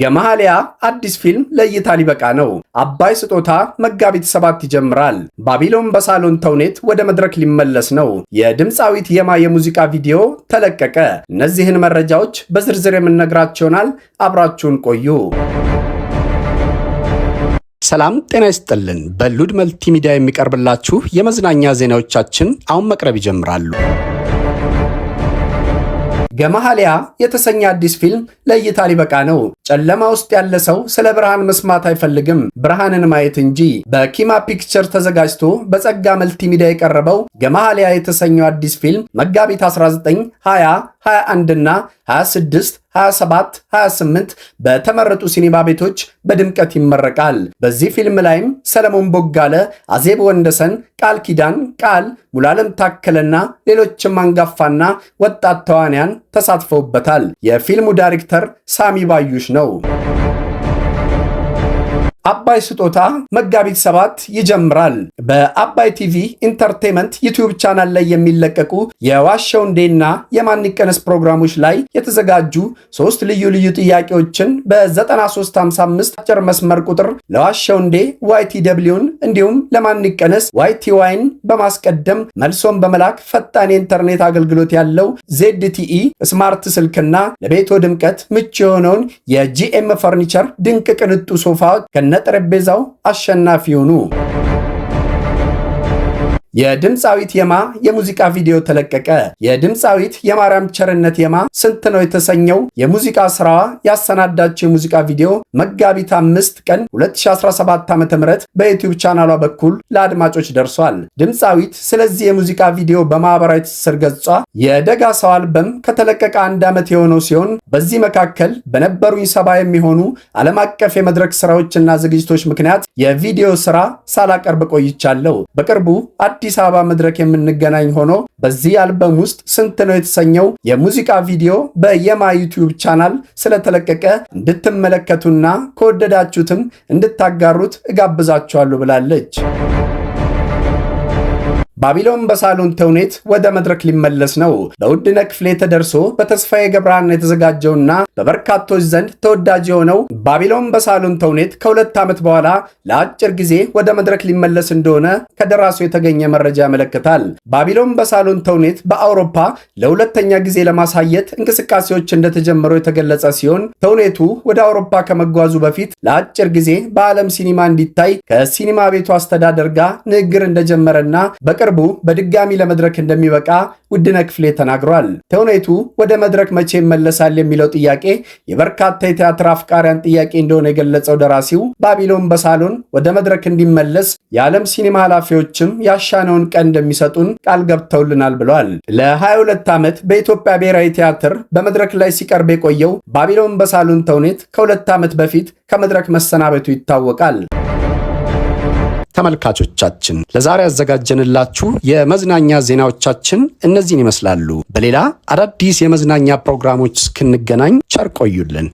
ገመሃሊያ አዲስ ፊልም ለእይታ ሊበቃ ነው። አባይ ስጦታ መጋቢት ሰባት ይጀምራል። ባቢሎን በሳሎን ተውኔት ወደ መድረክ ሊመለስ ነው። የድምፃዊት የማ የሙዚቃ ቪዲዮ ተለቀቀ። እነዚህን መረጃዎች በዝርዝር የምንነግራችሁ ይሆናል። አብራችሁን ቆዩ። ሰላም ጤና ይስጥልን። በሉድ መልቲሚዲያ የሚቀርብላችሁ የመዝናኛ ዜናዎቻችን አሁን መቅረብ ይጀምራሉ። ገመሃሊያ የተሰኘ አዲስ ፊልም ለእይታ ሊበቃ ነው። ጨለማ ውስጥ ያለ ሰው ስለ ብርሃን መስማት አይፈልግም፣ ብርሃንን ማየት እንጂ። በኪማ ፒክቸር ተዘጋጅቶ በጸጋ መልቲሚዲያ የቀረበው ገመሃሊያ የተሰኘው አዲስ ፊልም መጋቢት 19 20 21 እና 26 27 28 በተመረጡ ሲኒማ ቤቶች በድምቀት ይመረቃል። በዚህ ፊልም ላይም ሰለሞን ቦጋለ፣ አዜብ ወንደሰን፣ ቃል ኪዳን፣ ቃል ሙላለም ታከለና ሌሎችም አንጋፋና ወጣት ተዋንያን ተሳትፈውበታል። የፊልሙ ዳይሬክተር ሳሚ ባዩሽ ነው። አባይ ስጦታ መጋቢት ሰባት ይጀምራል። በአባይ ቲቪ ኢንተርቴንመንት ዩቲዩብ ቻናል ላይ የሚለቀቁ የዋሸው እንዴና የማንቀነስ ፕሮግራሞች ላይ የተዘጋጁ ሶስት ልዩ ልዩ ጥያቄዎችን በ9355 አጭር መስመር ቁጥር ለዋሸው እንዴ ዋይቲ ደብሊውን እንዲሁም ለማንቀነስ ዋይቲ ዋይን በማስቀደም መልሶን በመላክ ፈጣን የኢንተርኔት አገልግሎት ያለው ዜድቲኢ ስማርት ስልክና ለቤቶ ድምቀት ምቹ የሆነውን የጂኤም ፈርኒቸር ድንቅ ቅንጡ ሶፋ ከነ ከነጠረጴዛው አሸናፊ ሆኑ። የድምፃዊት የማ የሙዚቃ ቪዲዮ ተለቀቀ። የድምፃዊት የማርያም ቸርነት የማ ስንት ነው የተሰኘው የሙዚቃ ስራዋ ያሰናዳችው የሙዚቃ ቪዲዮ መጋቢት አምስት ቀን 2017 ዓ.ም በዩቲዩብ ቻናሏ በኩል ለአድማጮች ደርሷል። ድምፃዊት ስለዚህ የሙዚቃ ቪዲዮ በማህበራዊ ትስስር ገጿ የደጋ ሰው አልበም ከተለቀቀ አንድ ዓመት የሆነው ሲሆን በዚህ መካከል በነበሩኝ ሰባ የሚሆኑ ዓለም አቀፍ የመድረክ ስራዎችና ዝግጅቶች ምክንያት የቪዲዮ ስራ ሳላቀርብ ቆይቻለሁ። በቅርቡ በአዲስ አበባ መድረክ የምንገናኝ ሆኖ በዚህ አልበም ውስጥ ስንት ነው የተሰኘው የሙዚቃ ቪዲዮ በየማ ዩቲዩብ ቻናል ስለተለቀቀ እንድትመለከቱና ከወደዳችሁትም እንድታጋሩት እጋብዛችኋለሁ ብላለች። ባቢሎን በሳሎን ተውኔት ወደ መድረክ ሊመለስ ነው። በውድነህ ክፍሌ ተደርሶ በተስፋዬ ገብረሃና የተዘጋጀውና በበርካቶች ዘንድ ተወዳጅ የሆነው ባቢሎን በሳሎን ተውኔት ከሁለት ዓመት በኋላ ለአጭር ጊዜ ወደ መድረክ ሊመለስ እንደሆነ ከደራሱ የተገኘ መረጃ ያመለክታል። ባቢሎን በሳሎን ተውኔት በአውሮፓ ለሁለተኛ ጊዜ ለማሳየት እንቅስቃሴዎች እንደተጀመሩ የተገለጸ ሲሆን ተውኔቱ ወደ አውሮፓ ከመጓዙ በፊት ለአጭር ጊዜ በዓለም ሲኒማ እንዲታይ ከሲኒማ ቤቱ አስተዳደር ጋር ንግግር እንደጀመረና በቅር በቅርቡ በድጋሚ ለመድረክ እንደሚበቃ ውድነ ክፍሌ ተናግሯል። ተውኔቱ ወደ መድረክ መቼ ይመለሳል የሚለው ጥያቄ የበርካታ የቲያትር አፍቃሪያን ጥያቄ እንደሆነ የገለጸው ደራሲው ባቢሎን በሳሎን ወደ መድረክ እንዲመለስ የዓለም ሲኒማ ኃላፊዎችም ያሻነውን ቀን እንደሚሰጡን ቃል ገብተውልናል ብሏል። ለ22 ዓመት በኢትዮጵያ ብሔራዊ ቲያትር በመድረክ ላይ ሲቀርብ የቆየው ባቢሎን በሳሎን ተውኔት ከሁለት ዓመት በፊት ከመድረክ መሰናበቱ ይታወቃል። ተመልካቾቻችን ለዛሬ ያዘጋጀንላችሁ የመዝናኛ ዜናዎቻችን እነዚህን ይመስላሉ። በሌላ አዳዲስ የመዝናኛ ፕሮግራሞች እስክንገናኝ ቸር ቆዩልን።